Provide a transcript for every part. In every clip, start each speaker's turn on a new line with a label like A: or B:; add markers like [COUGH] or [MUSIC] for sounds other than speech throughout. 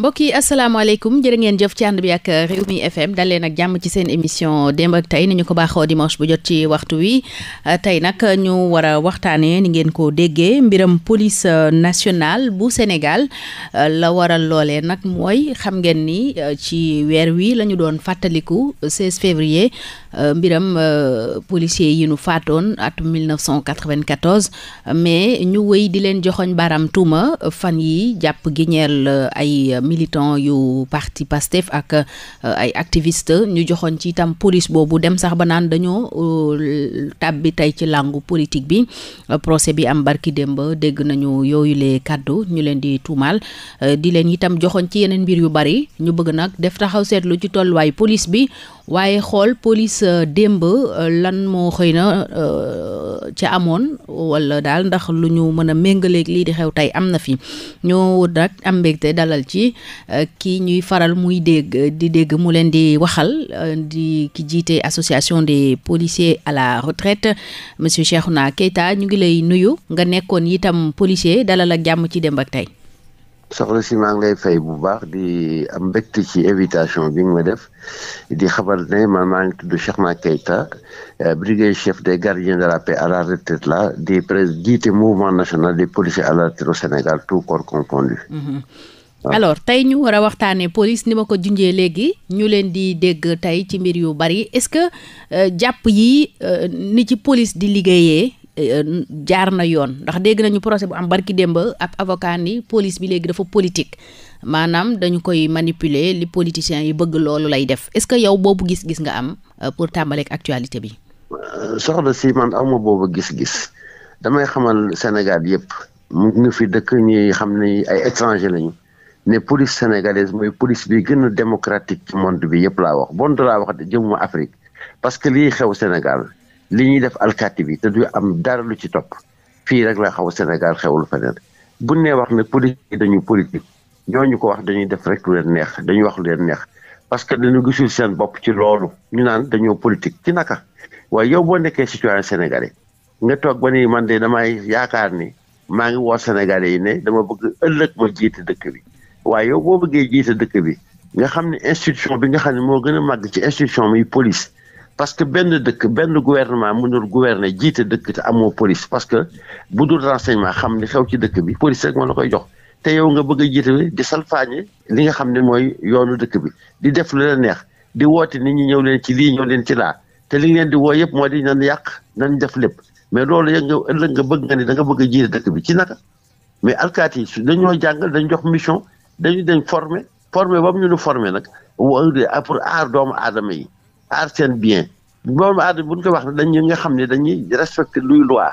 A: mbokk yi asalaamaaleykum jërë ngeen jëf ci ànd bi ak Rewmi FM dal leen jàmm ci seen émission démb ak tey ni ñu ko baaxoo dimanche bu jot ci waxtu wi euh, tey nag ñu war a waxtaanee ni ngeen ko déggee mbiram police euh, nationale bu Sénégal euh, la waral loole nag mooy xam ngeen ni ci weer wi la ñu doon fàttaliku 16 février. Euh, mbiram euh, policiers yi nu faatoon atum 1994 mais ñu woy di leen joxoñ baram tuuma fan yi jàpp gi ñeel euh, ay militants yu parti Pastef ak ay activiste ñu joxoñ ci itam police boobu dem sax ba naan dañoo tàbbi tey ci làngu politique bi procès bi am barki démb dégg nañu yooyu les kàddu ñu leen di tuumaal di leen itam joxoñ ci yeneen mbir yu bari ñu bëgg nag def taxaw seetlu ci tolluwaayu police bi waaye xool police euh, démb euh, lan moo xëy na euh, ca amoon wala daal ndax lu ñu mën a méngaleeg lii di xew tey am na fi ñoo nag am mbégte dalal ci kii ñuy faral muy dégg di dégg mu leen di waxal di ki jiite association de policiers à la retraite monsieur Cheikhouna Keita ñu ngi lay nuyu nga nekkoon itam policier dalal ak jàmm ci démb ak tey
B: soxna si maa ngi lay fay bu baax di am mbégte ci invitation bi nga ma def di xabar ne man maa ngi tudd Cheikh Ma Keita euh, brigadier chef de gardiens de la paix à la retraite la di jiite mouvement national des policiers à la retraite au Sénégal tout corps confondu.
A: Mm-hmm. alors tey ñu war a waxtaanee police ni ma ko junjee léegi ñu leen di dégg tey ci mbir yu bari est-ce que euh, jàpp yi euh, ni ci police di liggéeyee. Euh, jaar na yoon ndax dégg nañu procès bu am barki démba ab avocat ni police bi léegi dafa politique maanaam dañu koy manipuler li politiciens yi bëgg loolu lay def est-ce que yow boobu gis-gis nga am euh, pour tàmbaleeg actualité bi.
B: Euh, soxla si man amu boobu gis-gis damay xamal Sénégal yëpp mu ngi fi dëkk ñi xam ne ay étranger lañu ne police sénégalaise mooy police bi gën a démocratique ci monde bi yëpp laa wax bon laa wax jëmuma Afrique parce que lii xew Sénégal. li ñuy def alkaati bi te du am dara lu ci topp fii rek la xaw Sénégal xewul feneen bu nee wax ne politique dañu politique ñooñu ko wax dañuy def rek lu neex dañuy wax lu leen neex parce que dañu gisul seen bopp ci loolu ñu naan dañoo politique ci naka waaye yow boo nekkee citoyen sénégalais nga toog ba ni man de damay yaakaar ni maa ngi woo sénégalais yi ne dama bëgg ëllëg ma jiite dëkk bi waaye yow boo bëggee jiite dëkk bi nga xam ne institution bi nga xam ne moo gën a màgg ci institution muy police parce que benn dëkk benn gouvernement mënul gouverner jiite dëkk te amoo police parce que bu du renseignement xam ni xew ci dëkk bi police rek moo na koy jox te yow nga bëgg a jiite di salfaañe li nga xam ne mooy yoonu dëkk bi di def lu neex di woote nit ñi ñëw leen ci lii ñëw leen ci laa te li ngeen di woo yëpp moo di yàq nan def lépp mais loolu yëg nga ëllëg nga bëgg nga ni da nga bëgg a jiite dëkk bi ci naka mais alkaati yi dañoo jàngal dañ jox mission dañu dañ former former ba mu ñu nu former nag pour aar doomu aadama yi aar seen bien doomu aadama bu ñu koy wax ne dañ nga xam ne dañuy respecté luy loi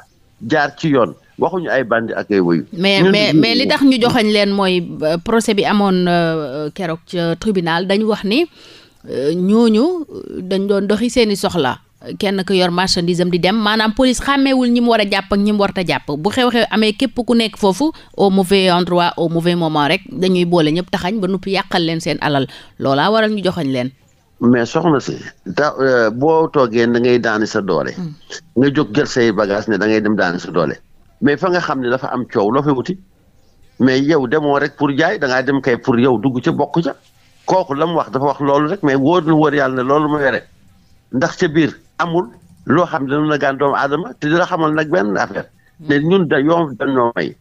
B: jaar ci yoon waxuñu ay bandi ak ay woyu mais mais mais li tax
A: ñu joxañ leen mooy euh, procès bi amoon euh, euh, keroog ca tribunal dañu wax ni ñooñu dañ doon doxi seeni soxla kenn ku yor marchandise di dem maanaam police xàmmeewul ñi mu war a jàpp ak ñi mu warta jàpp bu xew-xew amee képp ku nekk foofu au mauvais endroit au mauvais moment rek dañuy boole ñëpp taxañ ba noppi yàqal leen seen alal loolaa waral ñu joxañ leen
B: mais soxna si da euh, boo toogee da ngay daani sa doole. Hmm. nga jóg jël say bagage ne da ngay dem daani sa doole. mais fa nga xam ne dafa am coow loo fay wuti mais yow demoo rek pour jaay da dem kay pour yow dugg ca bokk ca kooku la mu wax dafa wax loolu rek mais wóor na wóor yàlla ne loolu mu yore ndax ca biir amul loo xam ne dana gaan doomu aadama te dina xamoon nag benn affaire hmm. ne ñun da yoon dañoo may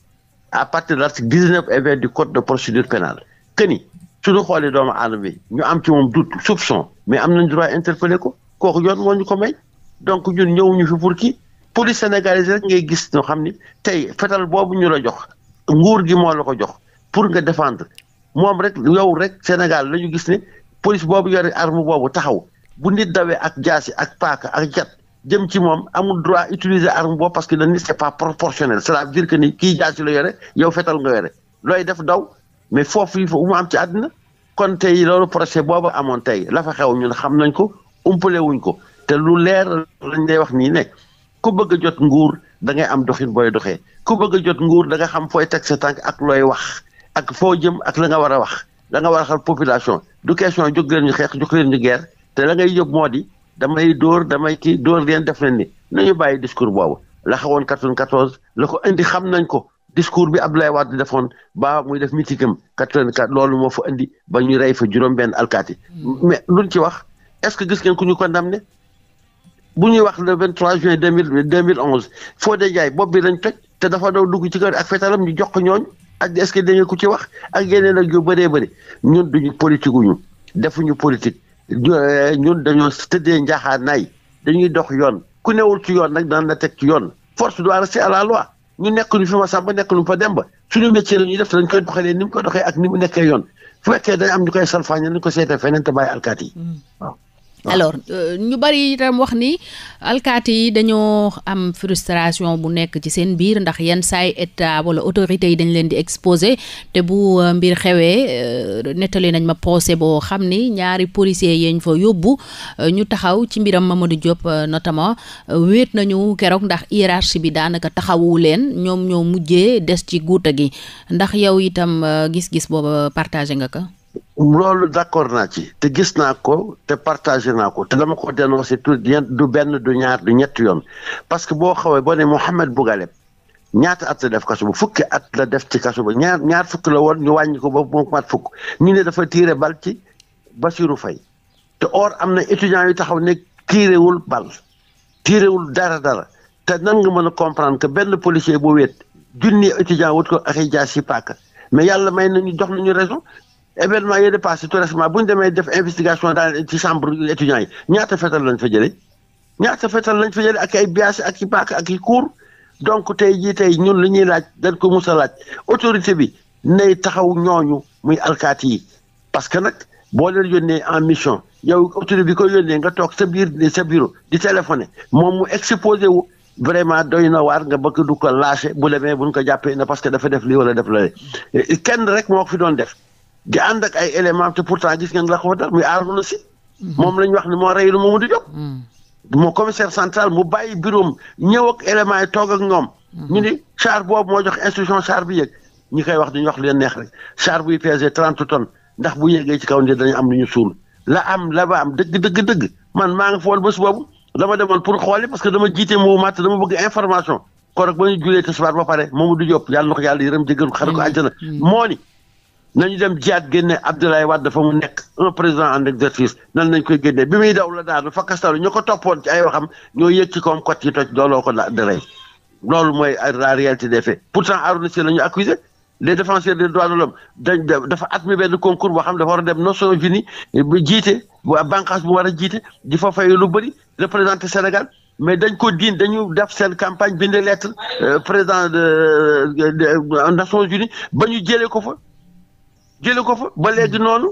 B: à partir de l'article dix-neuf et vingt du code de procédure pénale que ni suñu xoolee doomu aadama bi ñu am ci moom doute soupçon mais am nañ droit interpeller ko kooku yoon moo ñu ko may donc ñun ñëwuñu fi pour kii police sénégalaise rek ngay gis ñoo xam ni tey fetal boobu ñu la jox nguur gi moo la ko jox pour nga défendre moom rek yow rek Sénégal la ñu gis ne police boobu yore arme boobu taxaw bu nit dawee ak jaasi ak paaka ak jat jëm ci moom amul droit utiliser arme boobu parce que dañ ni c'est pas proportionnel cela veut dire ni kii jaasi la yore yow fetal nga yore looy def daw mais foofu yi mu am ci àddina kon tey loolu projet boobu amoon tey la fa xew ñun xam nañ ko umpale wuñ ko te lu leer lañ lay wax nii ne ku bëgg jot nguur da ngay am doxin booy doxee ku bëgg jot nguur da nga xam fooy teg sa tànk ak looy wax ak foo jëm ak la nga war a wax da nga war a xal population du question jóg leen ñu xeex jóg leen ñu guerre te la ngay yóbbu moo di damay dóor damay kii dóor leen def leen ni nañu bàyyi discours boobu la xewoon 94 la ko indi xam nañ ko discours bi Abdoulaye Wade di defoon ba muy def meeting am 84 loolu moo fa indi ba ñu rey fa juróom-benn alkaati hmm. mais luñ ci wax est-ce que gis ngeen ku ñu condamné bu ñuy wax le 23 juin 2000 2011 Fodé Ndiaye bopp bi lañ toj te dafa daw dugg ci kër ak fetalam ñu jox ko ñooñu ak est-ce que da ngeen ku ci wax ak yeneen ak yu bëree bëri ñun duñu politique wu ñu defuñu politique eh, ñun dañoo tëddee njaaxaanaay dañuy dox yoon ku newul ci yoon nag daan la teg ci yoon force doit rester à la loi. ñu nekk ñu fi ma sàmba nekk ñu fa dem ba suñu métier la ñuy def dañ koy doxalee ni mu koy doxee ak ni mu yoon fu fekkee dañ am ñu koy salfaañe nañ ko seetee feneen te bàyyi alkaat alors
A: euh, ñu bari itam wax ni alkaati yi dañoo am frustration bu nekk ci seen biir ndax yenn saay état wala autorité yi dañ leen di exposé te bu euh, mbir xewee euh, nettali nañ ma procès boo xam ni ñaari policiers yeeñ fa yóbbu ñu taxaw ci mbiram Mamadou Diop notamment wéet nañu keroog ndax hiérarchie bi daanaka taxawu leen ñoom ñoo mujjee des ci guuta gi ndax yow itam gis-gis booba partagé nga ko
B: loolu d'accord naa ci te gis naa ko te partagé naa ko te dama ko dénoncé tout du benn du ñaar du ñetti yoon parce que boo xawee boo ne Mouhamed Bougaleb ñaata at la def kaso ba fukki at la def ci kaso ñaar ñaar fukk la woon ñu wàññi ko ba mu mat fukk ñu ne dafa tiire bal ci basiru Faye te or am na étudiants yu taxaw ne tiirewul bal tiirewul dara dara te nan nga mën a comprendre que benn policier boo wéet junni étudiant wut ko ak si paaka mais yàlla may nañu jox nañu raison événement yi dépassé tout récemment bu ñu demee def investigation daal ci chambre étudiants yi ñaata fetal lañ fa jëlee ñaata fetal lañ fa jëlee ak ay biyaas ak i paak ak i kuur donc tey jii tey ñun li ñuy laaj dan ko mus laaj autorité bi nay taxaw ñooñu muy alkaati yi parce que nag boo leen yónnee en mission yow autorité bi ko yónnee nga toog sa biir sa bureau di téléphone moom mu exposé wu vraiment doy na waar nga bëgg du ko lâché bu demee buñ ko jàppee na parce que dafa def lii wala def kenn rek moo fi doon def. di ànd ak ay éléments te pourtant gis ngeen la ko dal muy Arouna Sy moom la ñu wax ni moo rey lu Mamadou Diop. Mm. moo commissaire central mu bàyyi bureau ñëw ak yi toog ak ñoom. Mm-hmm. ñu ni char boobu moo jox instruction char bi yëg ñu koy wax dañuy wax leen neex rek char buy pesé trente tonnes bu yéegee ci kaw nii am lu ñu suul la am la ba am dëgg dëgg dëgg man maa nga fool bés boobu dama demoon pour xooli parce que dama jiite mouvement te dama bëgg information. kon nag ba ñu julee tisbaar ba pare Mamadou Diop yàlla na ko yàlla mm-hmm. Mm-hmm. moo ni nañu dem jiyaat génne Abdoulaye Wade dafa mu nekk un président en exercice nan nañ koy génne bi muy daw la daanu fakkastalu ñu ko toppoon ci ay waxam ñoo yëg ci koom kot yi toj dooloo ko mooy a réalité des faits pourtant Harouna Sy la ñu accusé les défenseurs des droits de l'homme dafa admis benn concours boo xam dafa war a dem Nations Unies bu jiite bu bànqaas bu war a jiite di fa fay lu bëri représenté Sénégal mais dañ ko diin dañu def seen campagne bind lettre euh, président de Nations Unies ba ñu jëlee ko fa jële ko fa ba léegi noonu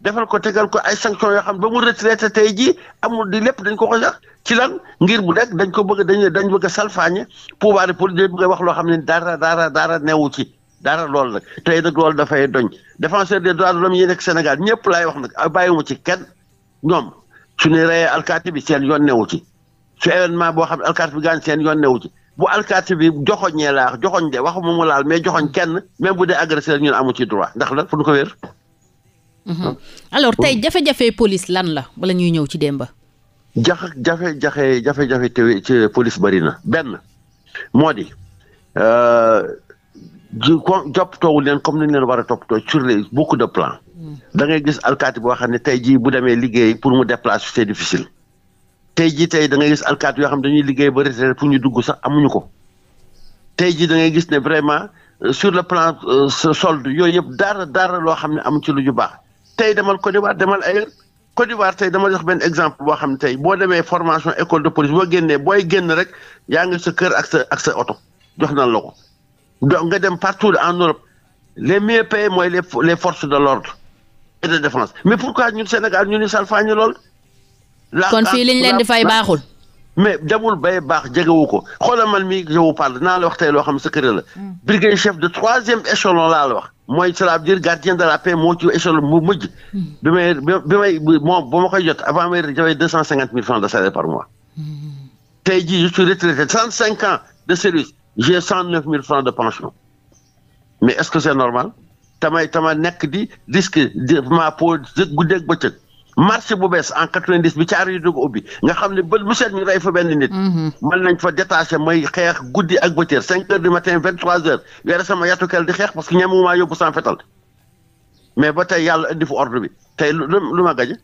B: defal ko tegal ko ay sanctions yoo xam ba mu retraité tey jii amul di lépp dañ ko ko sax ci lan ngir bu nekk dañ ko bëgg dañ dañ bëgg a salfaañe pouvoir pour dañ bëgg a wax loo xam ne dara daara dara newu ci dara lool nag tey nag loolu dafay doñ défenseur des droits de l'homme yi nekk Sénégal ñëpp laay wax nag a bàyyiwuma ci ken ñoom su ñu reyee alkaati bi seen yoon newu ci su événement boo xam ne alkaati bi gaañ seen yoon newu ci bu alkaati bi joxoñee laa joxoñ de waxuma mu laal mais joxoñ kenn même bu dee agressé la ñun amu ci droit ndax la fu ñu ko wér.
A: Mm-hmm. alors tey jafe-jafe police lan la wala ñuy ñëw ci démba
B: jax jafe jafe jafe-jafe te ci police bari na benn moo di euh, ji ko toppatoowul leen comme ni ñu leen war a toppatoo sur les beaucoup de plan mm. da ngay gis alkaati boo xam ne tey jii bu demee liggéey pour mu déplacer c'est difficile. tey ji tey da ngay gis alkaat yoo xam ne dañuy liggéey ba retraité pour ñu dugg sax ñu ko tey ji da ngay gis ne vraiment euh, sur le plan euh, solde yooyu yëpp dara daara loo xam ne amu ci lu ju baax tey demal Côte d'Ivoire demal ailleurs Côte d'Ivoire tey dama jox benn exemple boo xam ne tey boo demee formation école de police boo génnee booy génn rek yaa ngi sa kër ak sa ak sa oto jox na la ko donc nga dem partout en Europe les mieux payés mooy les les forces de l'ordre et de défense mais pourquoi ñun Sénégal ñu ni salfaañi lool kon fii liñ leen di fay baaxul. mais demul bay baax jegewu ko xoolal man mi yow parle naa la wax tey loo xam sa kër la. Hmm. brigadier chef de troisième échelon laa la wax. mooy cela veut dire gardien de la paix moo ci échelon mu mujj. Hmm. bi may bi may moom ba ma koy jot avant may jawee deux cent cinquante mille francs de salaire par hmm. tey jii je suis retraité cent cinq ans de service j'ai cent mille francs de pension. mais est-ce que c'est normal. tamay tama nekk di risque ma peau guddeeg bëccëg. marché bu en quatre-vingt-dix bi caar yu dugg ubbi nga xam ne bët bu seet ñu rey fa benn nit mhm. mën nañ fa détaché may xeex guddi ak bëccëg cinq heures du matin vingt trois heures yore sama yatukel di xeex parce que ñamumaa yóbbu sans fetal mais ba tey yàlla indi fu ordre bi tey lu lu ma gaje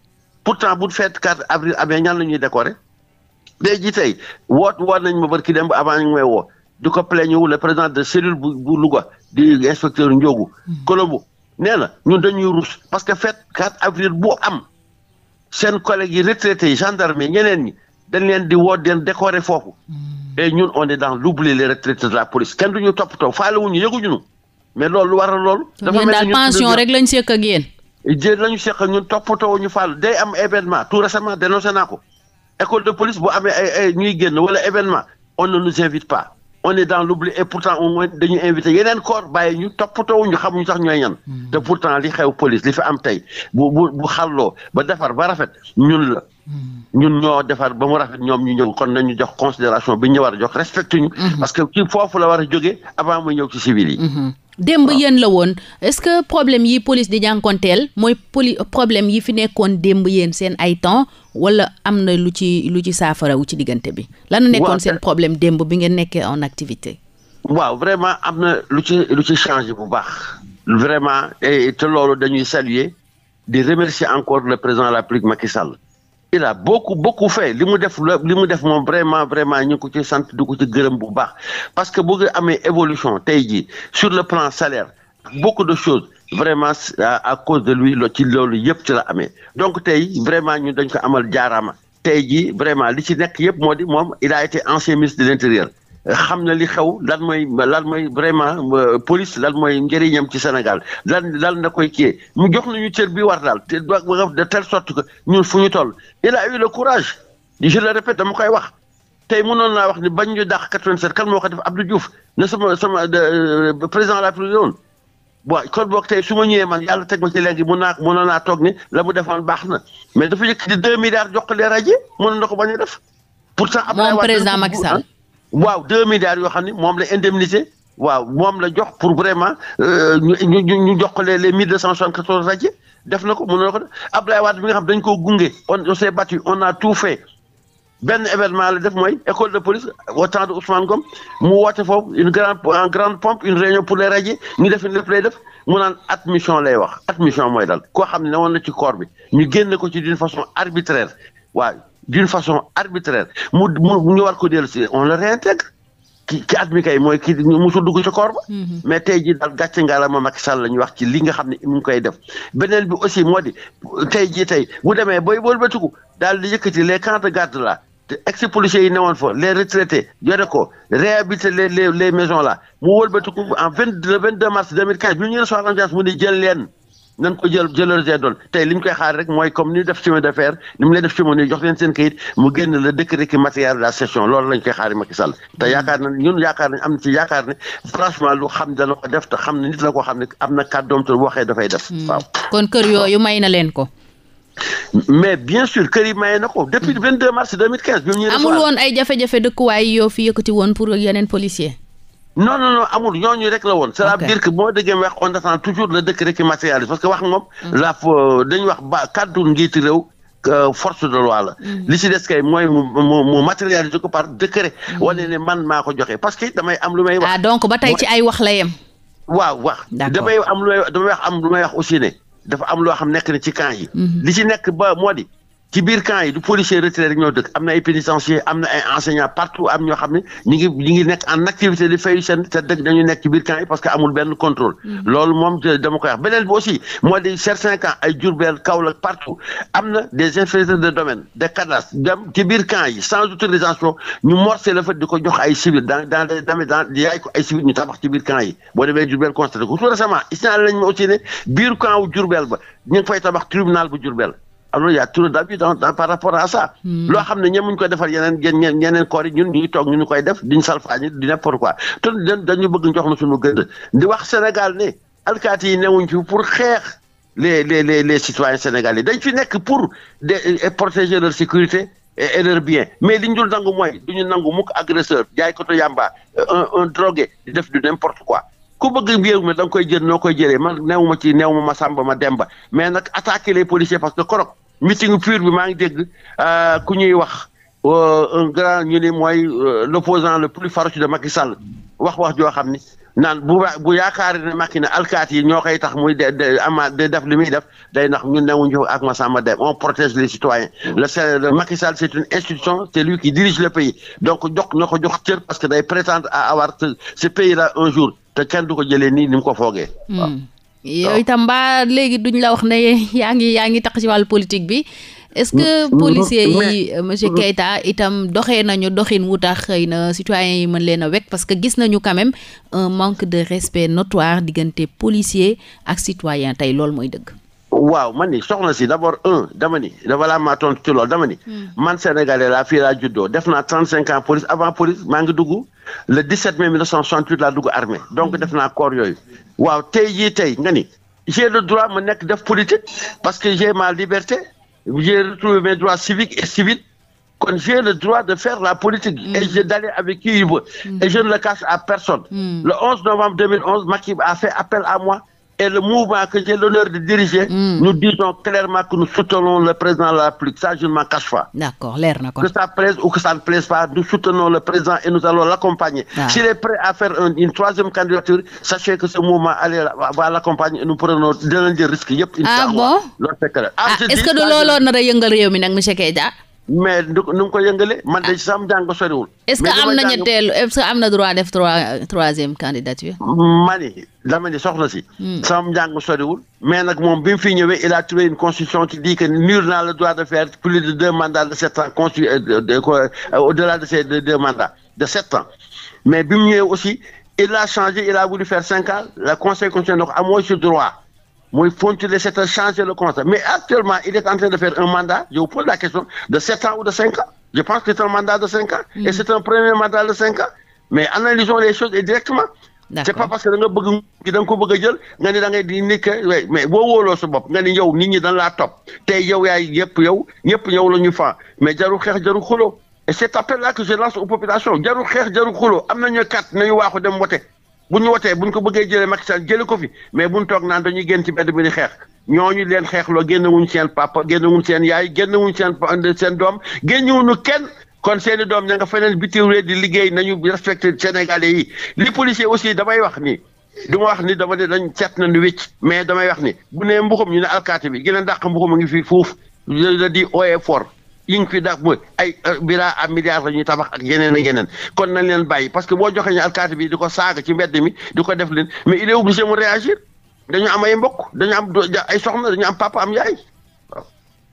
B: pourtant bu feet 4 avril amee ñaan la ñuy de ji tey woot woon nañ ma barki dem ba avant ñu may woo di ko plaigner wu le président de cellule bu bu Louga di inspecteur Ndiogu mhm. Colombo nee na ñun dañuy ruus parce que feet 4 avril bu am seen collègues yi retraités yi gendarme ñeneen ñi dañ leen di woo den décorer foofu mm. et ñun on est dans l'oubli les retraités de la police kenn duñu toppatoo faalewuñu yëguñu ñu ñu mais loolu lu waral loolu. dafa mel ni pension rek
A: lañ seq ak yéen.
B: jéeg lañu seq ñun toppatoo ñu faalo day am événement tout récemment dénoncé naa ko école de police bu amee ay ay ñuy génn wala événement on ne nous invite pas. on est dans l'oubli et pourtant au moins dañuy invité yeneen corps bàyyi ñu toppatoo ñu xamuñu sax ñooy ñan. Mm-hmm. te pourtant li xew police li fi am tey bu bu bu xalloo ba defar ba rafet ñun la. Mm-hmm. ñun ñoo defar ba mu rafet ñoom ñu ñëw kon nañu jox considération biñ ñu war a jox respecté ñu. Mm-hmm. parce que ci foofu la war a jógee avant mu ñëw ci civil yi.
A: démb yéen la woon est-ce que problème yi police di jànkonteel mooy poli problème yi fi nekkoon démb yéen seen ay temps wala am na lu ci lu ci saafara wu ci diggante bi lan nekkoon seen problème démb bi ngeen nekkee en activité
B: waaw vraiment am na lu ci lu ci changé bu baax vraiment te loolu dañuy saluer di remercier encore le président de la République Macky Sall il a beaucoup beaucoup fait li mu def li mu def moom vraiment vraiment ñu ngi ko ci sant du ko ci gërëm bu baax parce que bu nga amee évolution tey jii sur le plan salaire beaucoup de choses vraiment à cause de lui lo ci loolu yëpp ci la amee donc tey vraiment ñu dañ ko amal jaaraama tey jii vraiment li ci nekk yëpp moo di moom il a été ancien ministre de l'intérieur xam na li xew lan mooy lan mooy euh, police lan mooy njëriñam ci Sénégal lan lan na koy kii mu jox na ñu cër bi war daal te de telle sorte que ñun fu ñu toll il a eu le courage je le répète dama koy wax tey mënoon naa wax ni bañ ñu dàq 87 kan moo ko def Abdou Diouf na sama sama euh, président de la prison bon kon boog tey su ma ñëwee man yàlla teg ma ci léegi mun naa mënoon naa toog ni la mu defoon baax na mais dafa yëkk di 2 milliards jox ko les rajo mënoon na ko bañ a def. pourtant am na président Macky Sall ah. waaw deux milliards yoo xam ne moom la indemnisé waaw moom la jox pour vraiment euh, ñu ñu ñu jox ko les les mille deux cent soixante quatorze radiés def na ko mën na ko def Abdoulaye Wade bi nga xam dañ koo gunge on on s'est on a tout fait benn événement la def mooy école de police au temps de Ousmane Gom mu woote foofu une grande en grande pompe une réunion pour les radiés ñu def lépp lay def mu naan admission lay wax admission mooy dal koo xam ne ne woon na ci koor bi ñu génne ko ci d'une façon arbitraire waaw. d'une façon arbitraire mu mu ñu war ko dellu si on le réintègre ki ki admis kay mooy ki musul dugg ci koor mm-hmm. mais tey jii daal gàcce nga la ma Macky Sall la ñu wax ci li nga xam ne mu ngi koy def beneen bi aussi moo di tey jii tey bu demee booy wëlbatiku daal di yëkkati les camps de garde la ex policiers yi newoon fa les retraités yore ko réhabiliter les les les maisons là mu wëlbatiku en vingt le vingt deux mars deux mille quinze bi ñu recevoir ambiance mu ni jël leen nan ko jël jëlal seen doon tey li ñu koy xaar rek mooy comme ni def chemin de fer ni mu leen def chemin jox leen seen kayit mu génn le décret qui matériel de la session lañ koy xaar Macky Sall te yaakaar na ñun yaakaar nañ am na xam ne am na kàddoom te bu waxee dafay def hmm. waaw
A: kon kër yooyu may na leen ko
B: mais bien sûr kër yi maye na ko depuis le hmm. 22 mars 2015 bi mu ñu amul
A: woon ay jafe-jafe dëkkuwaay yoo fi yëkkati woon pour yeneen policier
B: non non non amul ñooñu rek la woon. ok c'est-à-dire que boo déggee wax on attend toujours le décret qui matérialise parce que wax moom. Mm. la dañuy wax ba kàddu njiiti réew. Euh, force de loi la. Mm. li ci des kay mooy moo mu mu matérialiser ko par décret. Mm. wane ne man maa ko joxe parce que damay am lu may. wax ah donc ba tey
A: ci ay wax la yem.
B: waaw wax. damay am lu may damay wax am lu may wax aussi ne dafa am loo xam nekk ne ci camp yi. Mm-hmm. li ci nekk ba moo ci biir camp yi du policier retraité rek ñoo dëkk am na ay pénitencier am na ay enseignant partout am ñoo xam ne ñi ngi nekk en activité di fayu seen te dëkk dañu nekk ci biir camp yi parce que amul benn contrôle mm. loolu moom dama koy wax beneen bi aussi moo di certains camps ay Diourbel Kaolack partout am na des inspecteurs de domaine de cadastre dem ci biir camp yi sans autorisation ñu morcé la fa di ko jox ay civil dans dans les dans yaay ko ay civil ñu tabax ci biir camp yi boo demee Diourbel constaté ko tout récemment isnaal lañ ma aussi ne biir camp wu Diourbel ba ñu ngi fay tabax tribunal alors y' a trop d'abus par rapport à ça. Hmm. loo xam ne ñoom ñu ko defal yeneen yeneen yeneen koor yi ñun ñu ngi toog ñu koy def di ñu salfaañi di n'importe quoi te dañu bëgg jox na suñu gëdd di wax Sénégal ne alkaati yi newuñ fi pour xeex les les les les citoyens sénégalais dañ fi nekk pour de protéger leur sécurité. et leur bien mais li ñu dul nangu mooy du ñu nangu mukk agresseur jaay koto yàmba un un drogué def du n'importe quoi ku bëgg réew mi da koy jël noo koy jëlee man néew ma ci néew ma ma sàmba ma demb mais nag attaquer les policiers que korok meeting pur bi maa ngi dégg euh, ku ñuy wax euh, un grand ñu ni mooy euh, l'opposant le plus farouche de Macky Sall wax wax joo xam ni naan bu bu yaakaar ne Macky ne alkaat yi ñoo koy tax muy de de ama de def li muy def day ndax ñun newuñu ak Massamba Deme on protège les citoyens le Macky Sall c' est une institution c' est lui qui dirige le pays donc jox na ko jox cër parce que day prétendre à avoir ce pays là un jour te kenn du ko jëlee nii ni mu ko foogee.
A: Hmm. yow itam mbaa léegi duñ la wax ne yaa ngi yaa ngi tax ci wàllu politique bi est-ce que mm, mm, policiers yi euh, monsieur mm, Keita itam doxee nañu doxin wu tax xëy na citoyens yi mën leen a wekk parce que gis nañu quand même un manque de respect notoire diggante policier ak citoyen tey loolu mooy dëgg
B: waaw man ni soxna si d' abord un dama ni balaa maa tontu ci loolu dama ni. Hmm. man Sénégalais laa fii laa juddoo def naa trente cinq ans police avant police maa ngi dugg le 17 mai 1968 laa armée donc hmm. def corps yooyu waaw tey jii tey nga j'ai le droit ma nekk def politique parce que j'ai ma liberté j'ai retrouvé mes droits civiques et civils kon j'ai le droit de faire la politique. Hmm. et j'ai d'aller avec qui il et je le cache à personne. le 11 novembre 2011 Macky a et le mouvement que j'ai l'honneur de diriger. Mm. nous disons clairement que nous soutenons le président de la République ça je ne m'en cache pas.
A: d'accord leer na ko. que
B: ça plaise ou que ça ne plaise pas nous soutenons le président et nous allons l'accompagner. Ah. s'il est prêt à faire un, une troisième candidature sachez que ce mouvement allez va l'accompagner et nous prenons dinañ jël risque yëpp. incha allah ah bon ah,
A: ah est-ce que du looloo nar a yëngal réew mi nag monsieur Keita.
B: mais du nu ko yëngale man de ah. sam jàng soriwul. est ce que am na ñetteel
A: est ce que am na droit def trois troisième candidature.
B: ma ni dama ni soxna si. Hmm. sam jàng soriwul. mais nag moom bi mu fi ñëwee il a trouvé une constitution qui dit que le droit de faire plus de deux mandats de sept ans euh, euh, au delà de sept ans mais bi mu ñëwee aussi il a changé il a voulu faire cinq ans le conseil constitutionnel amoo ci droit. mooy fonctionner c'est un changer le constat mais actuellement il est en train de faire un mandat je pose la question de sept ans ou de cinq ans je pense que c'est un mandat de cinq ans. et mm. c'est un premier mandat de cinq ans mais analysons les choses et directement. c'est pas parce que da nga bëgg da nga ko bëgg a jël nga ni da di nit mais boo wóoloo sa bopp nga ni yow nit ñi dañ la top tey yow yaay yëpp yow ñëpp yow la ñu faa mais jaru xeex jaru xuloo et cet appel là que xeex jarul xuloo am nañu carte nañu waaxu dem wote. bu ñu wotee bu ñu ko bëggee jëlee Macky Sall ko fi mais bu ñu toog naan dañuy génn ci mbedd bi di xeex ñooñu leen xeexloo génne wuñ seen papa génne wuñ seen yaay génne wuñ seen seen doom génne wuñu kenn kon seeni doom ña nga feneen bitim réew di liggéey nañu respecté Sénégalais yi li policier aussi damay wax ni du ma wax ni dama ne dañ seet nu wécc mais damay wax ni bu nee mbuxum ñu ne alkaati bi gën a dàq mbuxum a ngi fi fuuf la di oe foor yi ñu fi def mooy ay biraa am milliards la ñuy tabax ak yeneen ak yeneen kon nañ leen bàyyi parce que boo joxee ñu alkaati bi di ko saaga ci mbedd mi di ko def leen mais il est obligé mu réagir dañu am ay mbokk dañu am ay soxna dañu am papa am yaay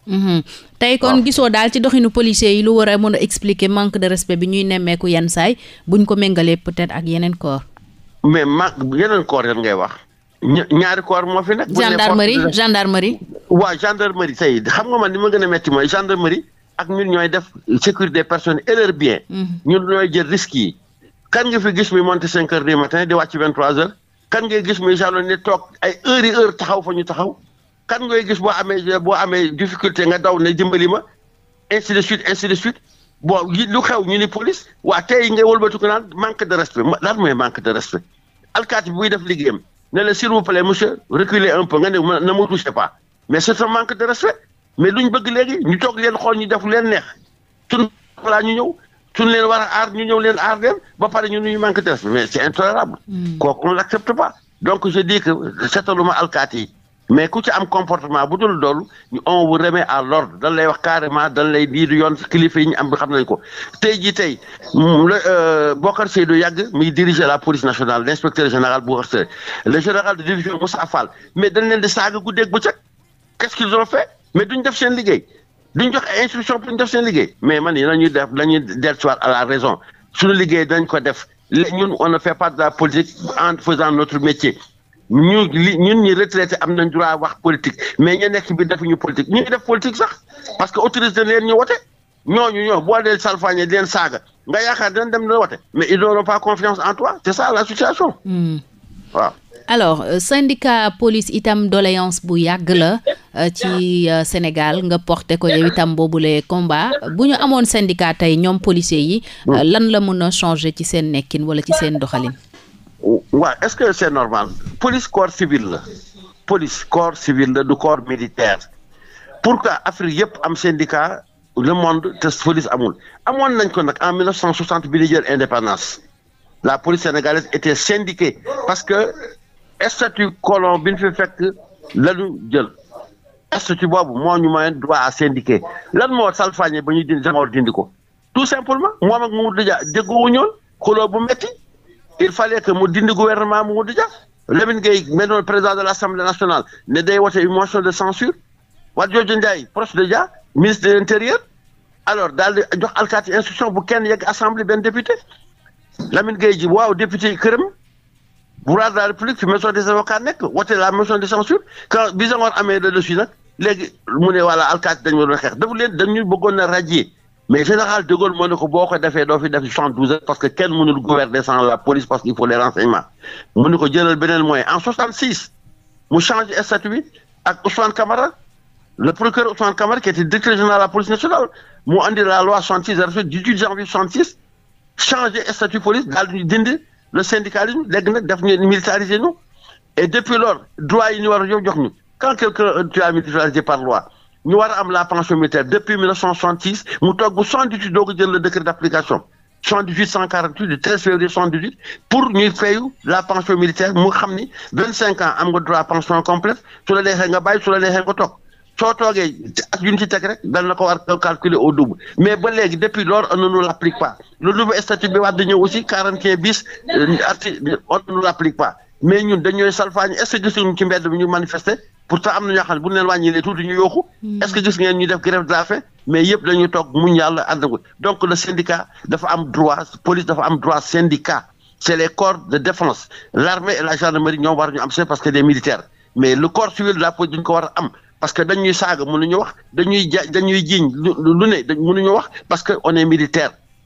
A: mm-hmm. tey kon gisoo daal ci doxinu policier yi lu war a mën a expliquer manque de respect bi ñuy nemmeeku yenn saay buñ ko méngalee peut-être ak yeneen corps.
B: mais ma yeneen corps yan ngay wax. ñaari koor moo fi nekk. gendarmerie
A: gendarmerie.
B: waaw gendarmerie tey xam nga man li ma gën a metti mooy gendarmerie. ak ñun ñooy def sécurité des personnes et leurs biens. Mm-hmm. ñun ñooy jël risques yi. kan nga fi gis muy monter cinq heures du matin di wàcc vingt trois heures kan ngay gis muy jalonné toog ay heures yi heure taxaw fa ñu taxaw kan ngay gis boo amee boo amee difficulté nga daw ne dimbali ma ainsi de suite ainsi de suite lu xew ñu ni police wa tey nga ba naan manque de respect lan mooy manque de respect alkaati bi buy def liggéeyam ne la s'il vous plaît monsieur reculez un peu nga ne ne me touchez pas mais ñu bëgg léegi ñu toog leen xool ñu def leen neex suñ balaa ñu ñëw suñ leen war a aar ñu ñëw leen aar leen ba pare ñu ñu manque de respect mais c'est intolérable hmm. kooku on l'accepte pas donc je dis que setaluma alkaati mais ku ci am comportement bu dool doolu on vous remet à l'ordre dañ lay wax carrément dañ lay lii du yoon kilifa yi ñu am xam nañ ko tey jii tey mm, euh, Bokar Seydou Yàgg muy diriger la police nationale l'inspecteur général Bokar Seydou le général de division Moussa Fall mais dañ leen di saaga guddeeg bëccëg qu'est-ce mais duñ def seen liggéey duñ jox ay instruction pour ñu def seen liggéey mais man nañuy def dañuy dellusiwaat à la raison suñu liggéey dañ ko def léegi ñun on ne fait pas de la politique en faisant notre métier ñu li ñun retraité am nañ droit wax politique mais ñu nekk bi defuñu politique ñu ngi def politique sax parce que autorisé leen ñu wote ñooñu ñoo boo dee salfaañe di leen saaga nga yaakaar dinañ dem dina wote mais ils n'auront pas confiance en toi c'est ça la situation hmm.
A: alors euh, syndicat police itam doléance bu yàgg la euh, ci [LAUGHS] euh, Sénégal nga porté ko yow itam boobule combat bu ñu amoon syndicat tey ñoom policiers yi lan la mën a changer ci seen nekkin wala ci seen doxalin
B: waaw est-ce que c'est normal police corps civil la police corps civil la du corps militaire pourquoi Afrique yëpp am syndicat le monde te police amul amoon nañ ko nag en 1960 bi ñu jël indépendance la police sénégalaise était syndiquée parce que statut colon bi ñu fi fekk lañu jël statut boobu moo ñu may droit à syndiquer lan moo salfaañe ba ñuy dindi dindi ko tout simplement moom ak Mamadou Dia dégguwu ñoon xuloo bu metti il fallait que mu dindi gouvernement Mamadou Dia Lamine Gueye menoon président de l' assemblée nationale ne day wote une motion de censure Wade Joojo Ndiaye proche de Dia ministre de l' alors daal di jox alkaati instruction bu kenn yegg assemblée ben député Lamine Gueye ji waaw député këram pouvoir de la république fi motion de avocat nekk wote la motion de censure quand bi Senghor amee le dessus nag léegi mu ne voilà alkaati dañu doon xeex dafa leen dañu bëggoon mais général de Gaulle ko boo ko defee doo fi de soixante douze heures parce que kenn mënul gouverner sans la police parce qu'il faut les renseignements mu ne ko jëlal beneen moyen en soixante six mu change statut bi ak Ousmane Camara le procureur Ousmane Camara qui était directeur général la police nationale mu andi le syndicalisme léegi nag daf ñu militariser ñu et depuis lors droit yi war a jox ñu quand quelqu'un tu as militarisé par war a am la pension militaire depuis 1966 mu toog bu 78 doo ko jël le décret d'application 78 148 du 13 février 78 pour ñuy fayu la pension militaire mu xam ni 25 ans am nga droit pension complète su la neexee nga bàyyi su la neexee nga toog. soo toogee ak yu ñu ci teg rek dal na ko war a calculer au mais ba léegi depuis lors on ne nous l'applique pas le nouveau statut bi Wade ñëw aussi quarante et un bis euh, arti on ne nous l'applique pas mais ñun est-ce que gisuñu ci mbedd bi ñu manifester pourtant am na ñoo xam ne bu ñu leen wàññilee tuuti hmm. la faim mais donc le syndicat dafa am droit police dafa am droit syndicat c'est les corps de défense l'armée et la gendarmerie ñoom war ñu am c'est parce que des ko war a am parce que dañuy saaga mënuñu wax dañuy ja dañuy jiiñ lu ne mënuñu wax parce que on est militaire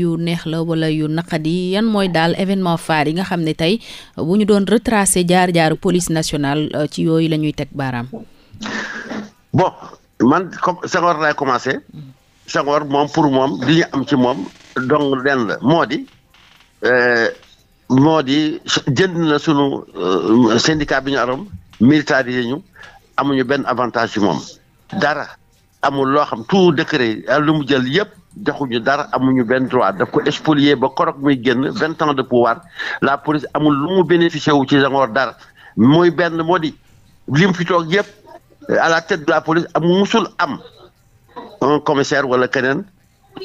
A: yu neex la wala yu naqadi yan mooy daal événement phare yi nga xam ne tey bu ñu doon retrasé jaar-jaaru police nationale euh, ci yooyu la ñuy teg baaraam.
B: bon man comme Senghor laay commencé. Senghor moom pour moom li ñu am ci moom donc lenn la moo di euh, moo di jënd na sunu euh, syndicat bi ñu arom militaire ñu amuñu benn avantage ci moom dara amul loo xam tout décret lu mu jël yëpp. joxuñu dara amuñu benn droit daf ko spolier ba korok muy génn vingt ans de pouvoir la police amul lu mu bénéficié wu ci Senghor dara muy benn moo di lim fitoog toog yëpp à la tête la police am musul am un commissaire wala keneen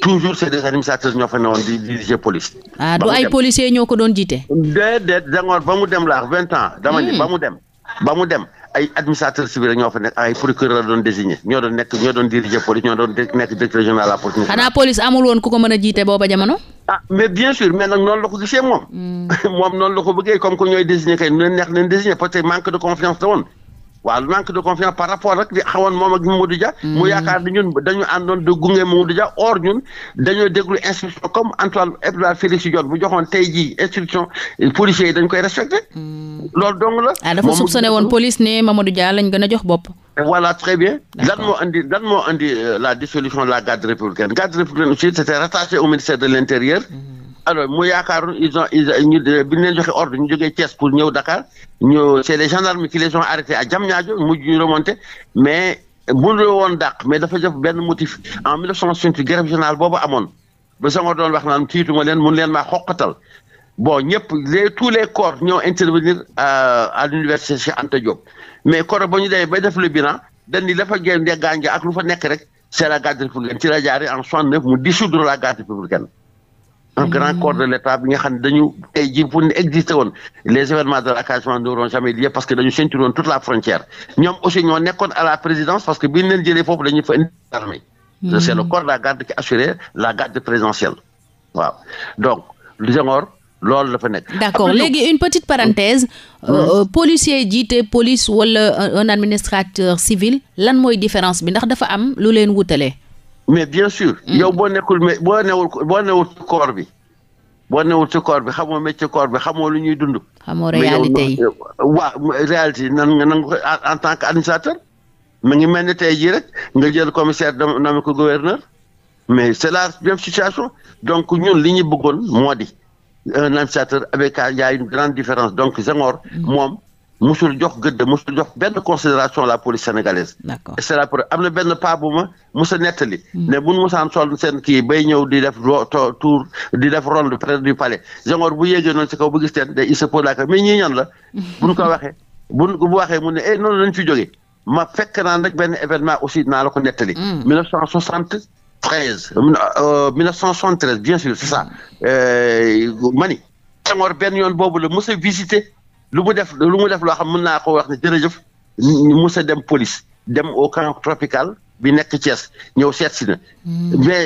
B: toujours c'est des administrateurs ñoo fa newoon di diriger police. Ah, du ay policiers ñoo ko doon jiite. déedéet Senghor ba mu dem la vingt ans. dama hmm. ba mu dem ba mu dem. ay administrateur civil ñoo fa nekk ay procureur la doon désigné ñoo doon nekk ñoo doon diriger police ñoo doon nekk directeur général la police. xanaa
A: police amul woon ku ko mën a jiite booba jamono.
B: ah mais bien sûr mais nag noonu la moom. Hmm. [LAUGHS] moom noonu la ko comme que ñooy désigné kay ñu leen neex désigné parce que manque de confiance la woon. waaw manque de confiance par rapport rek li xawoon moom ak Mamadou Dia. Hmm. mu yaakaar ni ñun dañu àndoon di gunge Mamadou Dia ñun dañoo déglu instruction comme Antoine Edouard Félix Diome joxoon tey jii instruction policiers yi dañ koy respecté. Hmm. loolu dong la. ah dafa soupçonné
A: woon police ne Mamadou Dia lañ gën a jox bopp.
B: voilà très bien. lan moo andi lan moo andi euh, la dissolution de la garde républicaine garde républicaine aussi c'était rattaché au ministère de l'intérieur. Hmm. alors mu yaakaaroon ils leen joxe ordre ñu jógee Thiès pour ñëw Dakar ñu c' est les gendarmes qui les ont arrêtés à Diamniadio mujj ñu remonté mais mënul woon dàq mais dafa def benn motif en 1968 grève générale boobu amoon ba Senghor doon wax naan tiitu ma leen mu leen maa xoqatal bon ñëpp les tous les corps ñoo intervenir euh, à à l' université Cheikh Anta Diop mais corps ba ñu demee bay def le bilan dañ ni dafa génne lu fa nekk rek c' est la garde républicaine ci la jaaree en 69 mu un grand ah. corps de l'État bi nga xam ne dañu tey ji fu ñu existé woon les événements de la Casamance n'auront jamais lieu parce que dañu ceinture woon toute la frontière ñoom aussi ñoo nekkoon à la présidence parce que bi ñu jëlee foofu dañuy fa indi armée hmm. c'est le corps de la garde qui assurait la garde présidentielle waaw donc Senghor loolu la fa nekk. d'accord léegi
A: une petite parenthèse hmm. euh, euh, policier jiite police wala un administrateur civil lan mooy différence bi ndax dafa am lu leen wutale
B: mais bien sûr. Mm. yow boo nekkul mais boo newul boo newul ci bi. boo newul ci corps bi xamoo métier corps bi xamoo lu ñuy dund.
A: xamoo réalité
B: yi réalité nan nga nan ko en tant que administrateur. mu ngi mel ne tey jii rek nga jël commissaire nommé ko gouverneur. mais c'est la même situation donc ñun li ñu bëggoon moo di un administrateur avec il y une grande différence donc Senghor mm. moom musul jox gëdd musul jox benn considération la police sénégalaise. d'accord c'est la preuve am na benn paa bu ma musa nettali. Hmm. ne bu nu musaan sol seen kii bay ñëw di def tour di def ronde près du palais Senghor bu yéegee noonu ci kaw bu gis teen day il se pose la mais la. [LAUGHS] bu nu ko waxee bu bu waxee mu ne eh noonu lañ fi joge ma fekk naan rek benn événement aussi naa la ko nettali. 1973 hmm. 1973 euh, bien sûr c'est ça hmm. euh, mani Senghor benn yoon boobu la musa visiter. lu mu def lu mu def loo xam mën naa ko wax ne jërëjëf musa dem police dem au camp tropical bi nekk Thiès ñëw seet si na hmm. mais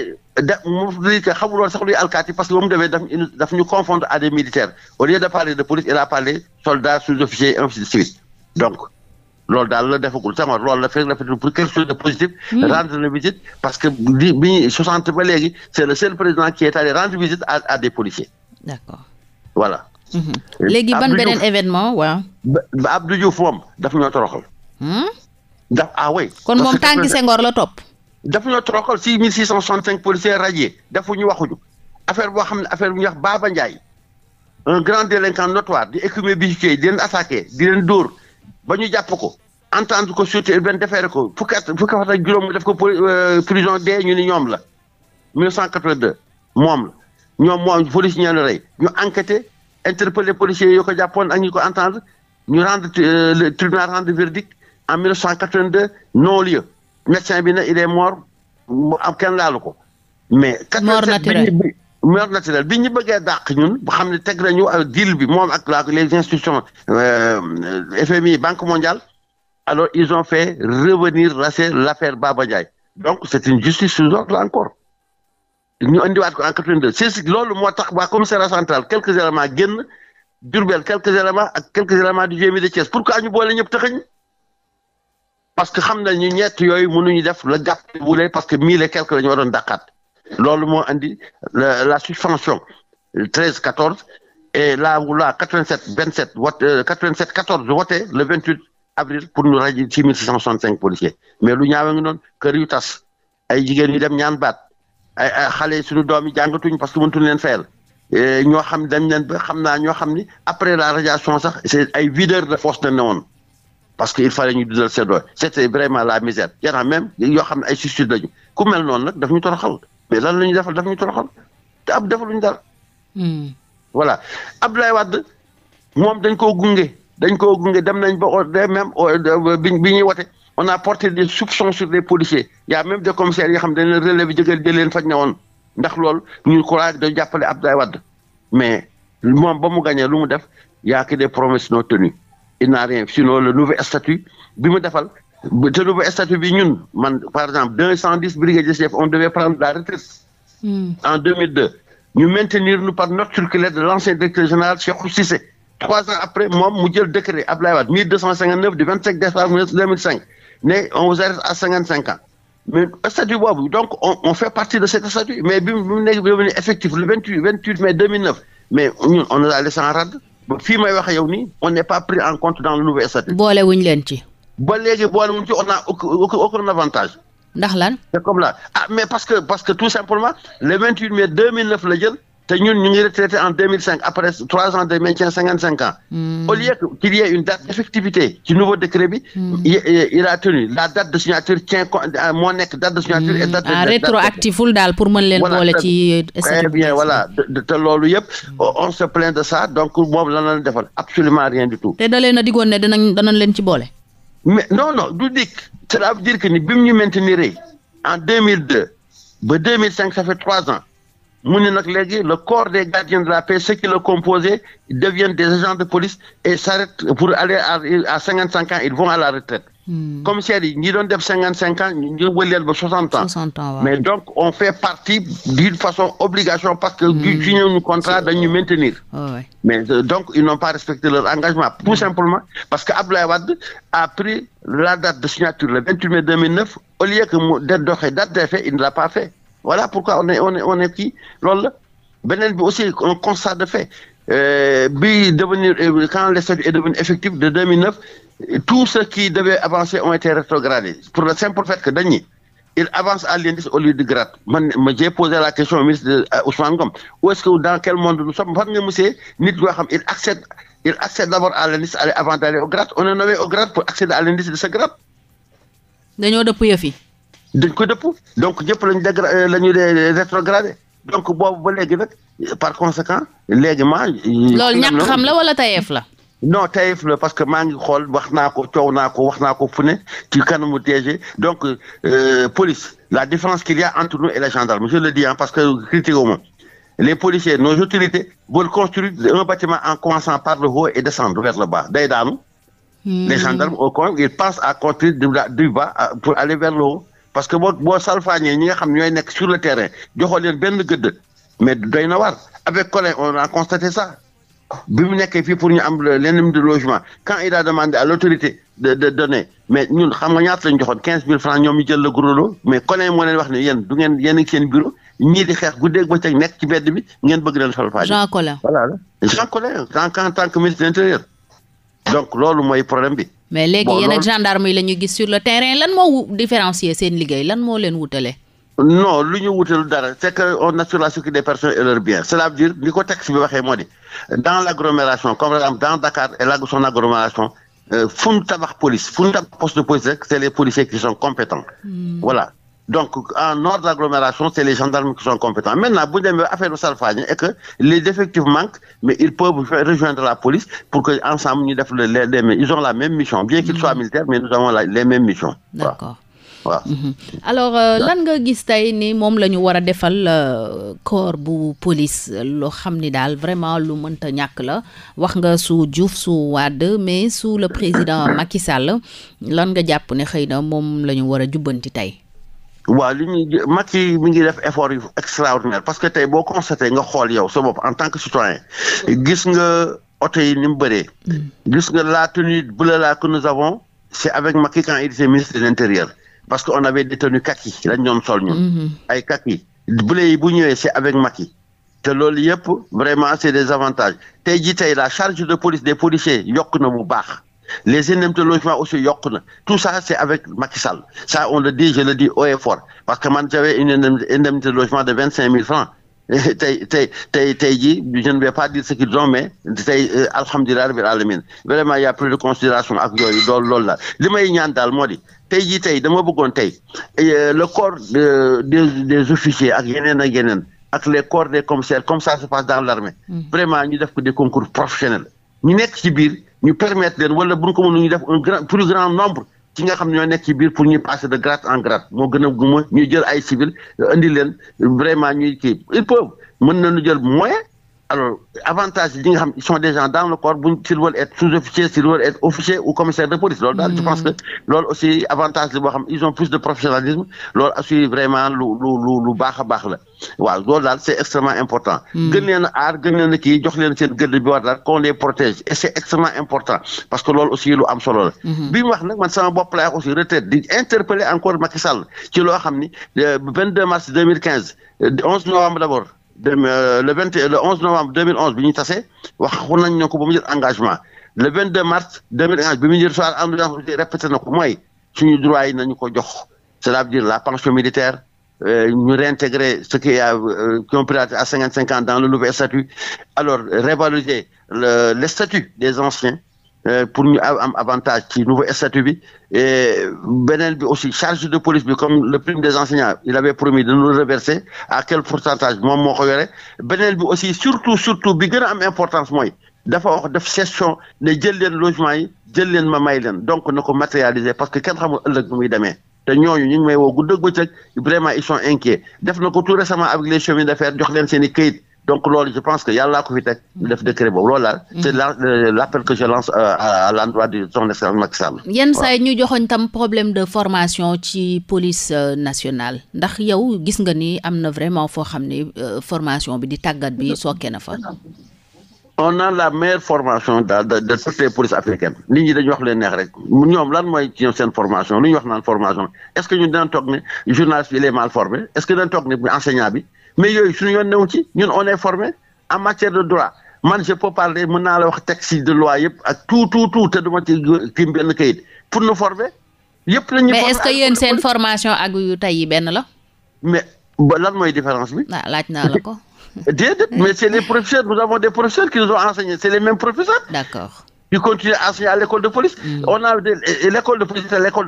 B: da mu que xamuloon sax luy alkaati parce que ba mu demee daf daf ñu confondre à des militaires au lieu de parler de police il a parlé soldats sous-officiers ainsi de suite donc loolu daal la defagul sama loolu la fekk la fekk pour quelque chose de positif. Hmm. rendre la visite parce que bi bi soixante ba léegi c' est le seul président qui est allé des policiers. d' Mm-hmm. léegi ban beneen
A: événement waaw.
B: ba Abdou Diouf moom daf ñoo toroxal. Hmm? daf ah oui. kon moom tànki Senghor la topp. daf ñoo toroxal six mille six cent soixante cinq policiers radiés defuñu waxuñu affaire boo xam ne affaire bu ñuy wax Baba Ndiaye un grand délinquant notoire di écumer bijoutier di leen attaqué di leen dóor ba ñu jàpp ko. entendre ko sûreté urbaine defeere ko fukki at fukki at ak juróom def ko euh, prison dee ñu ni ñoom la 1982 moom la ñoom moom police ñeen rey ñu enquêté interpellé policiers yoo ko jàppoon ak ñu ko entendre ñu rendre euh, le tribunal rendre verdict en 1982 non lieu médecin bi ne il est mort mu am ken laalu ko mais. mort naturelle mort naturelle bi ñu bëggee dàq ñun ba xam ne teg nañu euh, deal bi moom ak la les institutions euh, FMI Banque mondiale alors ils ont fait revenir rasser l'affaire Baba Ndiaye donc c'est une justice sous ordre encore. ñu indiwaat ko en quatre-vingt-deux c'est loolu moo tax waa commissariat central quelques éléments génn Diourbel quelques éléments ak quelques éléments du jéemi de Thiès pourquoi ñu boole ñëpp taxañ parce que xam nañu ñett yooyu mënuñu def la jàpp wulee parce que mille et quelques la ñu waroon dàqaat loolu moo indi la la suspension treize quatorze et la la quatre-vingt-sept vingt-sept vote euh, quatre-vingt-sept quatorze voté le vingt-huit avril pour ñu rajo six mille jigéen yu dem ñaan baat ay ay xale yi suñu doom yi parce que mëntuñ leen fayal ñoo xam dañ leen xam naa ñoo xam ni après la radiation sax c'est ay videur de force na ne woon parce que il fallait ñu dundal seen doole c'était vraiment la misère yàlla même yoo xam ne ay suicide lañu ku mel noonu nag daf ñu toroxal mais lan la ñuy daf ñu toroxal te ab defaluñu dara. Hmm. voilà Abdoulaye Wade moom dañ koo gunge dañ koo gunge dem nañ bo au même bi ñuy wote. on a porté des soupçons sur des policiers y a même des commissaires yoo xam dañ leen relevé jëgal jël leen fañ ne woon ndax loolu ñu courage da jàppale Abdoulaye Wade mais moom ba mu gagné lu mu def y a que des promesses non tenues il n'a rien sinon le nouveau statut bi mu defal te nouveau statut bi ñun par exemple brigadier chef on devait prendre la retraite hmm. en 2002 maintenir nous par notre circulaire de l'ancien directeur général Cheikhou Cissé trois ans après moom mu jël décret Abdoulaye Wade 1259 ne on vous arrête à cinquante cinq ans mais statut boobu donc on on fait partie de cet statut mais bi nekk bi mu nekk effectif le vingt huit vingt huit mai deux mille neuf mais on a laissé en rade ba fii may wax yow nii on n'est pas pris en compte dans le nouveau statut. boolewuñ leen ci. ba léegi boolewuñ ci on a aucun aucun avantage. ndax lan. c'est comme là ah mais parce que parce que tout simplement le vingt huit mai deux mille neuf la jël. te ñun ñu ngi retraité en deux mille cinq après trois ans de maintien cinq ans. Hmm. au lieu qu'il y ait une date d'effectivité ci nouveau décret bi. Hmm. il a tenu la date de signature tient euh, moo date de signature. et hmm. date de ah rétroactiful
A: daal pour mën leen boole
B: loolu yëpp on se de ça donc moom la leen defal absolument rien du tout.
A: te da leen a digoon ne ci boole.
B: mais non non du dikk cela dire que ni bim ñu maintenir en deux deux mille cinq ça fait trois ans. mu ne nag léegi le corps des gardiens de la paix ceux qui le composaient deviennent des agents de police et s'arrêtent pour aller à à cinquante cinq ans ils vont à la retraite hmm. commissaire yi ñi doon def cinquante cinq ans ñu wëleel ba soixante ans ouais. mais donc on fait partie d'une façon obligation parce que hmm. du ci ñu contrat dañu maintenir oh, ouais. mais euh, donc ils n'ont pas respecté leur engagement tout hmm. simplement parce que Abdoulaye Wade a pris la date de signature le 28 mai 2009 voilà pourquoi on est on est on est kii loolu la beneen bi aussi un constat de fait euh, bi devenir euh, quand le statut est devenu effectif de 2009 tous ceux qui devaient avancer ont été rétrogradés pour le simple fait que dañuy il avance à l'indice au lieu du grade man ma j'ai posé la question au ministre Ousmane Ngom où est que dans quel monde nous sommes fan nga monsieur nit yoo xam il accède il accède d'abord à l'indice avant d'aller au grade on est nommé au grade pour accéder à l'indice de ce grade. dañoo dëpp yëf yi. dañ ko dëpp donc ñëpp lañ dégra euh, la ñu rétrogradé donc boobu ba léegi nag par conséquent léegi maa. Euh, loolu ñàkk xam la wala tayeef la. non tayef la parce que maa ngi xool wax naa ko coow naa ko wax naa ko fu ne ci kanamu DG donc euh, police la différence qu'il y a entre nous et les gendarmes je le dis hein, parce que critique au moins les policiers nos autorités veulent construire un bâtiment en commençant par le haut et descendre vers le bas day daanu. Hmm. les gendarmes au contraire ils passent à construire du bas pour aller vers parce que boo boo salfaañee ñi nga xam ñooy nekk sur le terrain joxoo leen benn gëdd mais doy na war avec Collin on a constaté ça bi mu nekkee fii pour ñu am l'ennemi de logement quand il a demandé à l'autorité de mais ñun xam nga ñaata lañ joxoon quinze mille francs ñoom ñu jël la gros lot mais Collin moo leen wax ne yéen du ngeen yéen ngi seen bureau ñii di xeex guddeeg bëccëg nekk ci bedd bi ngeen bëgg leen salfaañe. Jean Collin voilà Jean Collin en tant que donc loolu mooy problème bi.
A: mais léegi yéen ak gendarme yi la ñu gis sur le terrain lan moo différencier seen liggéey lan moo leen wutale
B: non lu ñu wutal dara c'est que on assure la sécurité des personnes et leurs biens cela veut dire ni ko texte bi waxee moo di dans l'agglomération comme par exemple dans Dakar et là son agglomération euh, fu ñu tabax police fu ñu tabax poste de police rek c'est les policiers qui sont compétents. Hmm. voilà donc en nord d'agglomération c'est les gendarmes qui sont compétents maintenant bu ñu demee affaire bi salfaañi et que les effectifs mais ils peuvent rejoindre la police pour que ensemble ñu def les les la même mission bien qu'ils soient mm-hmm. militaires mais nous avons la les mêmes missions. d'accord
A: mm-hmm. alors euh, lan nga gis tey ni moom la ñu war a defal euh, corps bu police loo xam ni daal vraiment lu mënta ñàkk la wax nga su Diouf su Wade mais su le président Macky Sall lan nga jàpp ne xëy na moom la ñu war a jubbanti tey.
B: waaw li ñuy Macky mi ngi def effort yu extraordinaire parce que tey boo constaté nga xool yow sa bopp en tant que citoyen gis nga oto yi mu bëree gis nga la tenue bleue là que nous avons c'est avec Macky quand il était ministre de l'intérieur parce que on avait des tenues kaki lañ ñoon sol ñun mhm. ay kaki bleu bu ñëwee c'est avec Macky te loolu yëpp vraiment c'est des avantages tey jii tey la charge de police des policiers yokk na bu baax les indemnités de logement aussi yokk na tout ça c' est avec Macky Sall ça on le dit je le dis haut et fort parce que man j'avais une indemnité de logement de vingt cinq mille francs [LAUGHS] tey tey tey je ne vais pas dire ce qu'ils ont mais tey euh, alhamdulilah rabbil vraiment y' a plus de considération ak yooyu loolu euh, de des des officiers ak yeneen ak yeneen ak les corps des commissaires comme ça se passe dans l' mm. vraiment ñu def ko des concours professionnels ñu nekk ci ñu permettre leen wala bu ñu ko mënul ñu def un grand plus grand nombre ci nga xam ne ñoo nekk ci biir pour ñuy passer de grade en grade moo gën a guma ñuy jël ay civil indi leen vraiment ñuy kii il peuvent mën nañu jël moyen alors avantage yi nga xam ils sont des gens dans le corps buñ s'ils veulent être officier ou commissaire de police loolu daal je pense que hmm. loolu aussi avantage li boo xam ils ont plus de professionnalisme loolu aussi vraiment lu baax a baax la waaw loolu daal c'est extrêmement important hmm. gën leen a aar gën kii jox leen seen gëdd bi war daal qu'on les protège et c'est extrêmement important parce que loolu aussi lu am solo la hmm. bi mu wax sama bopp laa aussi retraite di interpeller loo xam ni 22 mars 2015 dem euh, le vingt euh, le onze novembre deux mille onze bi ñu tase wax xun ko ba mu jël engagement le vingt deux mars deux mille onze bi mu jël soir am répété na ko mooy suñu droit yi nañu ko jox c'est-à-dire la pension militaire euh, ñu réintégrer ce qui a à cinquante cinq ans dans le nouveau statut alors révaloriser le le statut des anciens Euh, pour ñu am avantage ci nouveau statut bi et beneen bi aussi charge de police bi comme le prime des enseignants il avait promis de nous reverser à quel pourcentage moom moo ko yore beneen bi aussi surtout surtout bi gën a am importance mooy dafa wax def session ne jël leen logement yi jël leen ma may leen donc na ko matérialiser parce que kenn xamul ëllëg nu muy demee te ñooñu ñu ngi may wo guddeeg bëccëg vraiment ils sont def na ko tout récemment avec les chemins seen i këyit donc loolu je pense que yàlla ko fi teg def décret boobu loolu daal. Mm. c'est l'appel que je lance euh, à l'endroit de son excellence Macky Sall. yenn
A: saa ñu joxoñ tam problème de formation ci police euh, nationale ndax yow gis nga ni am na vraiment foo xam ne euh, formation bi di tàggat bi sokke na fa.
B: on a la meilleure formation daal de de toutes les nit ñi dañu wax leen neex rek ñoom lan mooy ci ñoom seen formation lu wax naan formation est-ce que ñun dinañ toog bi mais yooyu suñu yoon newu ci ñun on est formé en matière de droit man je parler mën naa la wax texte de loi yëpp ak tout tout tout te duma ci kim benn kayit pour nous former yëpp la
A: formation ak yu tey benn la.
B: mais ba lan mooy différence bi.
A: waaw ah, laaj naa la ko.
B: [LAUGHS] déedéet mais c'est le professeurs nous avons des professeurs qui nous ont enseigné c'est les mêmes professeurs. d'accord. qui continuent enseigner à l'école de police. Mm. on a l'école de police c'est l'école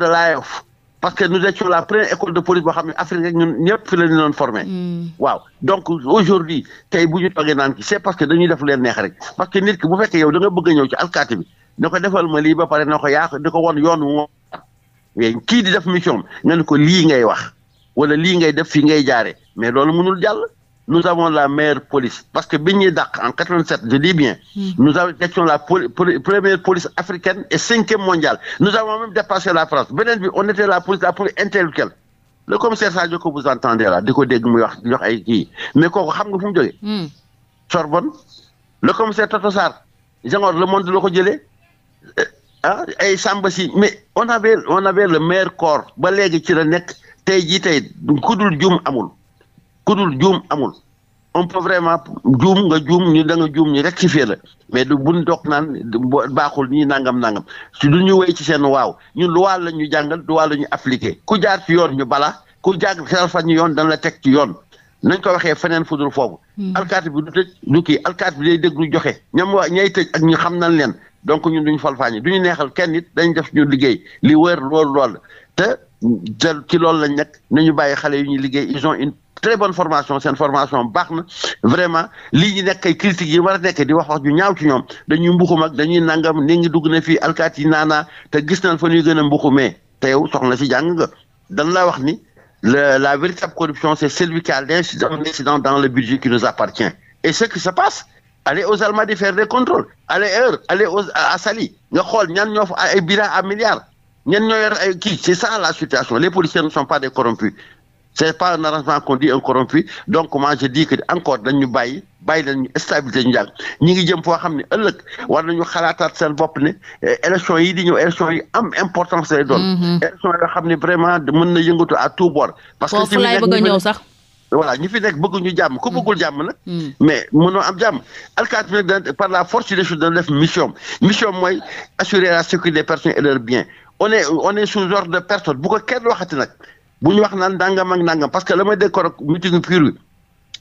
B: parce que nous étions la première école de police boo xam ne Afrique rek ñun fi la ñu doon hmm. waaw donc aujourd'hui tey bu ñu toogee naan ki c'est parce que dañuy def leen neex rek parce que nit ki bu fekkee yow da nga bëgg a ñëw ci alkaati bi ne ko defal ma lii ba pare ne ko yaa ko ko won yoon wu moom kii di def mission nga ne ko lii ngay wax wala lii ngay def fii ngay jaaree mais loolu mënul jàll. nous avons la meilleure police parce que bi ñuy dàq en 87 je dis bien. Hmm. nous avons étions la poli première police africaine et cinquième mondiale nous avons même dépassé la France beneen on était la police la police intellectuelle le commissaire Sadio ko vous entendez là di ko dégg muy wax mais kooku xam nga fu mu hmm. Sorbonne le commissaire Toto Sarr Senghor le monde la ko jëlee. Eh, ah samba si mais on avait le maire corps ba léegi ci la nekk tey jii tey ku dul jum kudul juum amul on peut vraiment juum nga juum ñu da nga juum ñu rectifier la mais du buñ doog naan baaxul nii nangam nangam si du ñu wéy ci seen waaw ñun lu waal la ñu jàngal du waal la ñu ku jaar ci yoon ñu bala ku jàng xelfan yoon dañ la teg yoon nañ ko waxee feneen fudul foofu. Hmm. alkaati bi du tëj du kii alkaati bi day déglu joxe ñoom waa ñay tëj ak ñu xam nañ leen donc ñun duñu falfaañi duñu neexal kenn nit dañ def ñu liggéey li wër lool lool te te ci loolu lañ nekk nañu bàyyi xale yu ñuy liggéey ils très bonne formation seen formation baax na vraiment lii ñu nekk ay critiques yi war a nekk di wax wax ju ñaaw ci ñoom dañuy mbuxum ak dañuy nangam ni ngi dugg na fii alkaat yi naanaa te gis nañ fa ñuy gën a mbuxumee te yow soxna si jàng nga dan la wax ni la la véritable corruption c'est celui qui l'incident dans le budget qui nous appartient et ce qui se passe allez aux Almadies faire des contrôles allez Heure allez aux à Saly nga xool ñan ñoo fa ay bilan à milliards ñan ñoo yor kii c'est ça la situation les policiers ne sont pas des corrompus c'est pas un arrangement qu'on dit un corrompu donc moi je dis que encore dañu bàyyi bàyyi leen ñu ñu jàng ñi ngi jëm foo xam ne ëllëg war nañu xalaataat seen bopp ne eh, élection yi di ñëw élection yi am importance lay doon. Mm-hmm. élection yoo xam ne vraiment mën na yëngatu à tout bord. parce que foofu laay bëgg a ñëw ñu fi nekk bëgguñu jàmm ku mm. bëggul jàmm nag. Mm. mais mënoo am jàmm. alkaati bi nag par la force des choses dana def mission mission mooy assurer la sécurité des personnes et leurs biens on est on bu ko kenn waxati nag. bu ñu wax naan nangam ak nangam parce que la may décor ak meeting pur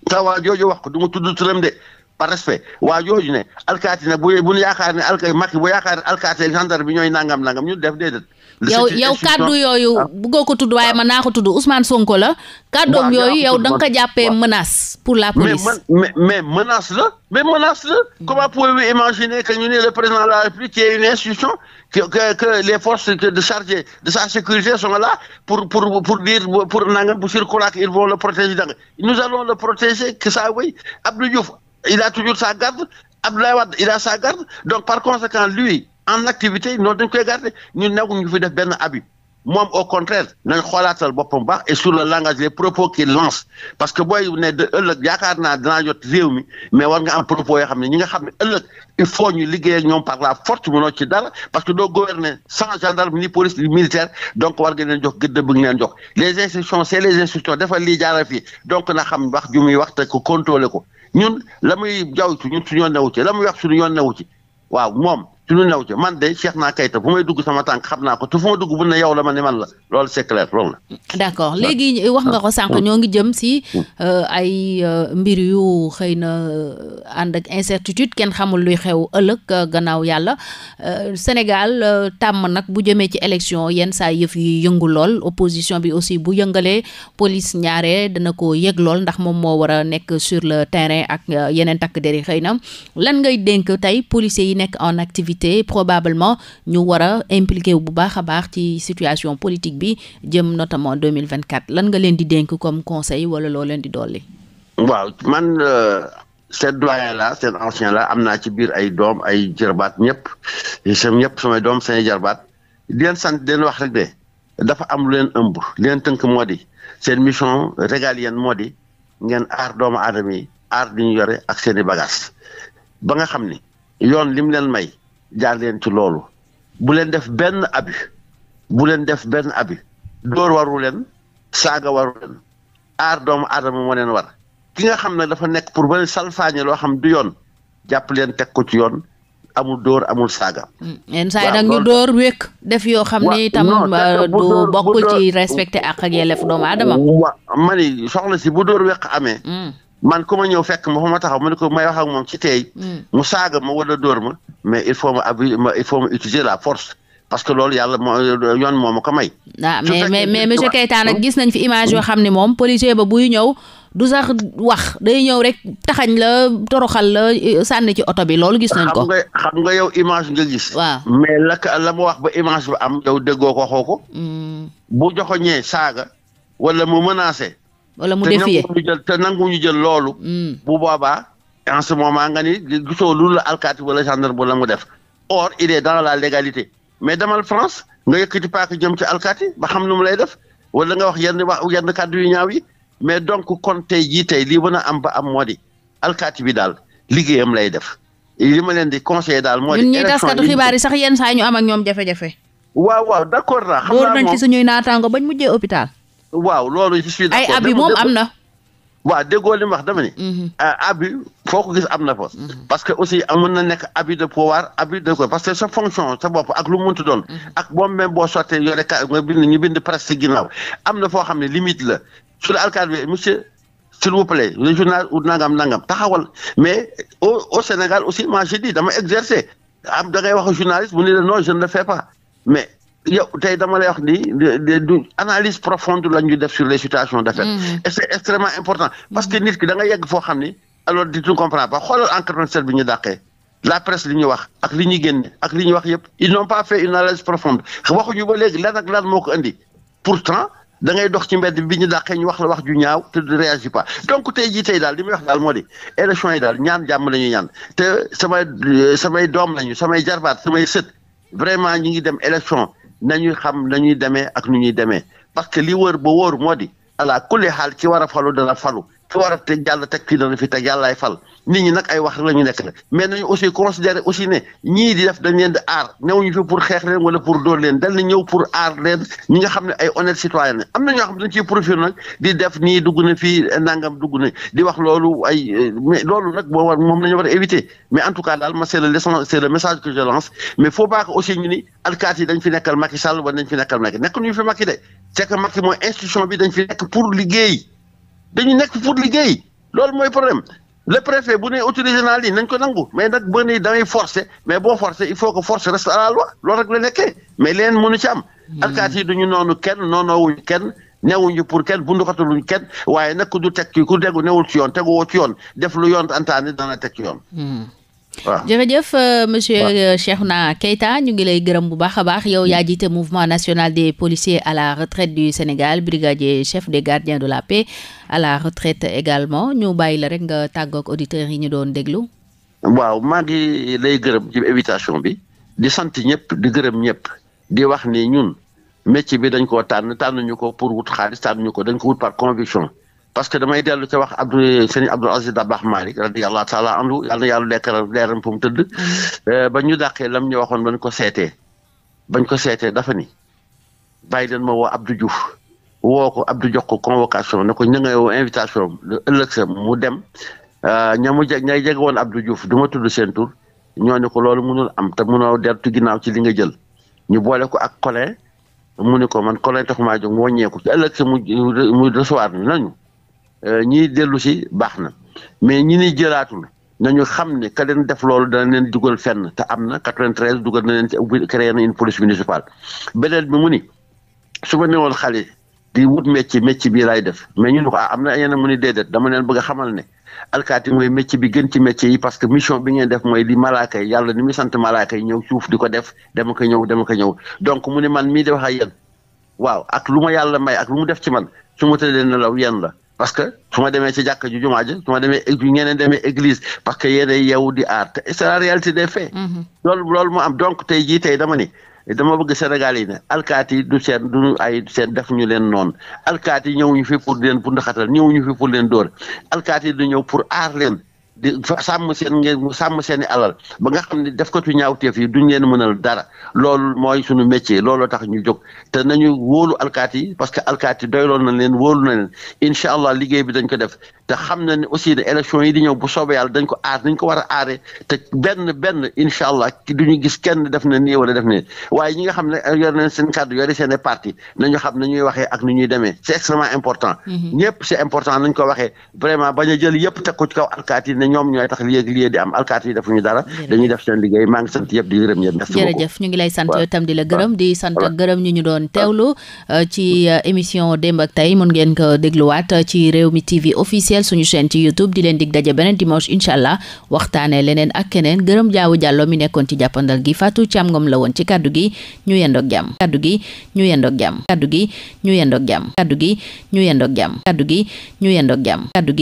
B: sa waa jooju wax ko du ma tudd turam de par respect waa jooju ne alkaati nag bu bu ñu yaakaar ne alka Macky bu yaakaar ne alkaati gendarme bi ñooy nangam nangam ñu def déedéet
A: yow yow kàddu yooyu ah. bëggoo ko tudd waaye ah. man naa ko tudd Ousmane Sonko la kàddoom yooyu yow da nga ko jàppee menace pour la police
B: mais mais menace la mais menace la mm. comment pouvez-vous imaginer que ñu ne le président de la République qui est une institution que les forces de chargées de sa sécurité sont là pour pour pour dire pour nangam pour circuler ak ils vont le protéger danga nous allons le protéger que ça oui Abdou Diouf il a toujours sa garde Abdoulaye Wade il a sa garde donc par conséquent lui en activité noonu dañ koy garder ñun nag ñu fi def benn abus moom au contraire nañ xoolaatal boppam baax et sur le langage les propos qu'il lance parce que booy ne de ëllëg yaakaar naa dinaa jot réew mi mais war nga am propos yoo xam ne ñi nga xam ne ëllëg il faut ñu liggéey ñoom par la force mënoo ci dara parce que doo gouverner sans gendarme ni police ni militaire donc war nga leen jox gëdd bu ngeen jox les instructions c'est les instructions dafa lii jaaral donc na xam wax ju muy wax te ko contrôler ko ñun la muy jaww ci ñun suñu yoon newu ci la muy wax suñu yoon newu ci waaw moom ci lu man de Cheikh naa Keita bu may dugg sama tànk xam naa ko te fu ma dugg bu ne yow la man la loolu c'est clair la.
A: d'accord léegi wax nga ko sànq ñoo ngi jëm si euh, ay euh, mbir yu xëy na euh, ànd ak incertitude kenn xamul luy xew ëllëg gannaaw yàlla Sénégal tàmm nag bu jëmee ci élection yenn saa yëf yu yëngu lool opposition bi aussi bu yëngalee police ñaare dana ko yëg lool ndax moom moo war a nekk sur le terrain ak yeneen takk der yi xëy na lan ngay dénk tey policiers quitté probablement ñu war a impliqué wu bu baax a baax ci situation politique bi jëm notamment 2024 lan nga leen di dénk comme conseil wala loo leen di dolli.
B: waaw man euh, seen doyen la seen ancien la am naa ci biir ay doom ay jarbaat ñëpp seen ñëpp samay doom seen jarbaat di sant di wax rek de dafa am lu leen ëmb li leen tënk moo di seen mission régalienne moo di ngeen aar doomu aadama yi aar li ñu yore ak seen i bagages ba nga xam ni yoon lim leen may jaar leen ci loolu bu leen def benn abi bu leen def benn abi door waru leen saaga waru leen aar doomu aadama moo leen war ki nga xam ne dafa nekk pour ba salfaañe loo xam du yoon jàpp leen teg ko ci yoon amul dóor amul saaga. Mm,
A: yenn saa yi door ñu def yoo xam ne itam euh, du bokk ci respecté ak ak yelleef doomu aadama.
B: mani soxla si bu dóor wékk amee. Mm. man ku ñëw fekk ma fa ma taxaw ma ne ko may wax ak moom ci teey mm. mu saaga ma wala door ma mais il faut ma ab ma utiliser la force parce que loolu yàlla moo yoon moo ma ko may.
A: ah mais mais mais monsieur gis nañ fi image yoo xam ne moom policier ba buy ñëw du sax wax day ñëw rek taxañ la toroxal la eh, sànni ci oto bi loolu gis nañ ko.
B: xam nga yow image nga gis. waaw mais la la ma wax ba image ba am yow déggoo ko xoo ko. Mm. bu joxoñee saaga wala mu menacé. wala mu défier te nangu ñu jël ñu jël loolu. Hmm. bu boobaa en ce moment nga ni gisoo lu la alkaati wala gendarme bu la mu def or il est dans la légalité mais demal France nga yëkkati paak jëm ci alkaati ba xam nu mu lay def wala nga wax yenn wax yenn kàddu yu ñaaw yi mais donc kon tey jii tey lii mën a am ba am moo di alkaati bi daal liggéeyam lay def li ma leen di conseiller daal. moo di ñuy taskatu xibaar
A: sax yenn saa ñu am ak ñoom jafe-jafe.
B: waaw waaw d'accord naa. xam naa moom nañ ci suñuy
A: naataango bañ mujjee
B: waaw loolu je suis d'accord ay abi moom am na. waaw déggoo li mu wax dama ni. Mhm. Ah, abi foo ko gis am na fa. Mhm. parce que aussi amoon na nekk abi de pouvoir abi de quoi parce que sa fonction sa bopp ak lu mu munti doon. Mhm. ak moom même boo sottee yore ka nga bind ñu bind am na foo xam ne limite la sur le alkaid bi monsieur. s'il vous le journal ou nangam nangam taxawal mais au Sénégal aussi ma je dis dama exercer am da ngay wax journaliste mu ne la non je ne le fais pas mais. yow tey dama lay wax ni du analyse profonde la ñu def sur les situations d'affaires. Mm-hmm. et c'est extrêmement important. parce que nit ki da nga yegg foo xam ni alors di tu comprends pas xoolal en 87 bi ñu dàqee la presse li ñu wax ak li ñu génne ak li ñu wax yëpp ils n'ont pas fait une analyse profonde waxuñu ba léegi lan ak lan moo ko indi pourtant da ngay dox ci mbedd bi ñu dàqee ñu wax la wax ju ñaaw te du réagit pas donc tey jii tey daal li muy wax daal moo di élection yi daal ñaan jàmm la ñuy ñaan te samay samay doom lañu samay jarbaat samay sët vraiment ñi ngi dem élection. nañuy xam nañuy demee ak nu ñuy demee parce que li wër ba wóor moo di ala kulli xaal ki war a falu dana falu fi war a te jàll teg kii doon fi teg yàllaay fal nit ñi nag ay wax la ñu nekk nag mais nañu aussi considérer aussi ne ñii di def dañ leen di aar néew ñu fi pour xeex leen wala pour dóor leen dañ la ñëw pour aar leen ñi xam ne ay honnête citoyen ne am na ñoo xam ne dañ ciy profil di def nii dugg na fii nangam dugg na di wax loolu ay mais loolu nag moom la ñu war a éviter mais en tout cas daal ma c'est le c'est le message que je lance mais faut pas aussi ñu ni alkaati yi dañ fi nekkal Macky Sall wala dañ fi nekkal Macky nekk ñu fi Macky de c'est bi dañ fi nekk pour liggéey dañu nekk pour liggéey loolu mooy problème le préfet bu ne autorisé naa lii nañ ko nangu mais nag boo nee damay forcer mais boo forcer il faut que force reste à la loi loolu rek la nekkee mais leen mënu ci am. Hmm. alkaati yi duñu noonu kenn noonoowuñu kenn. newuñu pour kenn bundu xataluñ kenn waaye nag ku du teg ku déggu newul ci yoon tegu woo ci yoon def lu yoon antaane dana teg ci yoon. Hmm. waaw
A: jërëjëf euh, monsieur euh, Cheikhna Keita ñu ngi lay gërëm bu baax a baax yow yaa jiite mouvement national des policiers à la retraite du Sénégal brigadier chef de gardiens de la paix à la retraite également ñu bàyyi la rek nga tàggoog auditeurs yi ñu doon déglu.
B: waaw maa ngi lay gërëm ci invitation bi di sant ñëpp di gërëm ñëpp di wax ni ñun métier bi dañ koo tànn ñu ko pour wut xaalis tànnuñu ko dañ ko wut par conviction. parce que damay dellu ca wax Abdou sëñ Abdou Aziz Dabakh Malick radiyallahu taala anhu yàlla na yàlla dekkaral leeram fu mu tëdd. Mm-hmm. Eh, ba ñu dàqee lam ñu waxoon bañ ko seetee bañ ko seetee dafa ni bàyyi leen ma woo Abdou juuf woo ko Abdou jox ko convocation ne ko ña woo invitation ëllëg mu dem euh, ña mu jeg ñay jege woon Abdou Diouf du ma tudd seen ñoo ne ko loolu mënul am te mënoo deltu ginnaaw ci li nga jël ñu boole ko ak Colin mu ne ko man Colin taxumaa jóg wàññeeku ci ëllëg sa mu Euh, ñiy dellu si baax na mais ñi ni jëlaatul nañu xam ne ka leen def loolu dana leen dugal fenn te am na 93 dugal na leen ci créé na une police municipale beneen bi mu ni su ma newoon xale di wut métier métier bii def mais ñu ne ah, ko am na yenn mu ni déedéet dama leen bëgg xamal ne alkaati mooy métier bi gën ci métier yi parce que mission bi ngeen def mooy li malaaka yi yàlla ni muy sant malaaka yi ñëw suuf di ko def dama ko ñëw dama ko ñëw donc mu ni man mii di wax ak yéen waaw ak lu ma yàlla may ak lu mu def ci man su ma tëddee nelaw yéen la parce que su ma demee ci jàkk ju jumaa ji su ma demee ñeneen demee église parce que yéen yow di aar te c'est la réalité des faits. Mhm. loolu loolu am donc tey jii tey dama ni dama bëgg Sénégal yi ne alkaati du seen du ay seen def ñu leen noon alkaati yi ñëwuñu fi pour leen bundaxatal ñëwuñu fi pour leen dool alkaati yi du ñëw pour aar leen. di sàmm seen ngeen sàmm seen i alal ba nga xam ne def ko tu ñaawteef yi duñ leen mënal dara loolu mooy suñu métier looloo tax ñu jóg te nañu wóolu alkaat yi parce que alkaat yi doyloon na leen wóolu na leen incha allah liggéey bi dañ ko def te xam na ne aussi ne élection yi di ñëw bu soobee yàlla dañ ko aar nañ ko war a aaree te benn benn incha allah ñu gis kenn def na nii wala def ne waaye ñi nga xam ne yor nañ seen kàddu yore seen i parti nañu xam na ñuy waxee ak ni ñuy demee c'est extrêmement important mm-hmm. ñëpp c'est important nañ ko waxee vraiment bañ a jël yëpp ko ci ñoom ñooy tax léegi lii di am alkaat yi defuñu dara dañuy def seen liggéey maa ngi sant yëpp di gërëm yëpp merci jërëjëf
A: ñu ngi lay sant tam di la gërëm di sant ak gërëm ñu ñu doon teewlu euh, ci euh, émission démb ak tay mun ngeen ko dégluwaat euh, ci TV officiel suñu chaîne ci YouTube di leen dig daje beneen dimanche incha allah waxtaane leneen ak keneen gërëm jaawu jàllo mi nekkoon ci jàppandal gi Fatou Thiam Ngom la woon ci kaddu gi ñu yendoog jàmm kaddu gi ñu yendoog jàmm kaddu gi ñu yendoog jàmm gi ñu yendoog jàmm gi ñu jàmm kaddu gi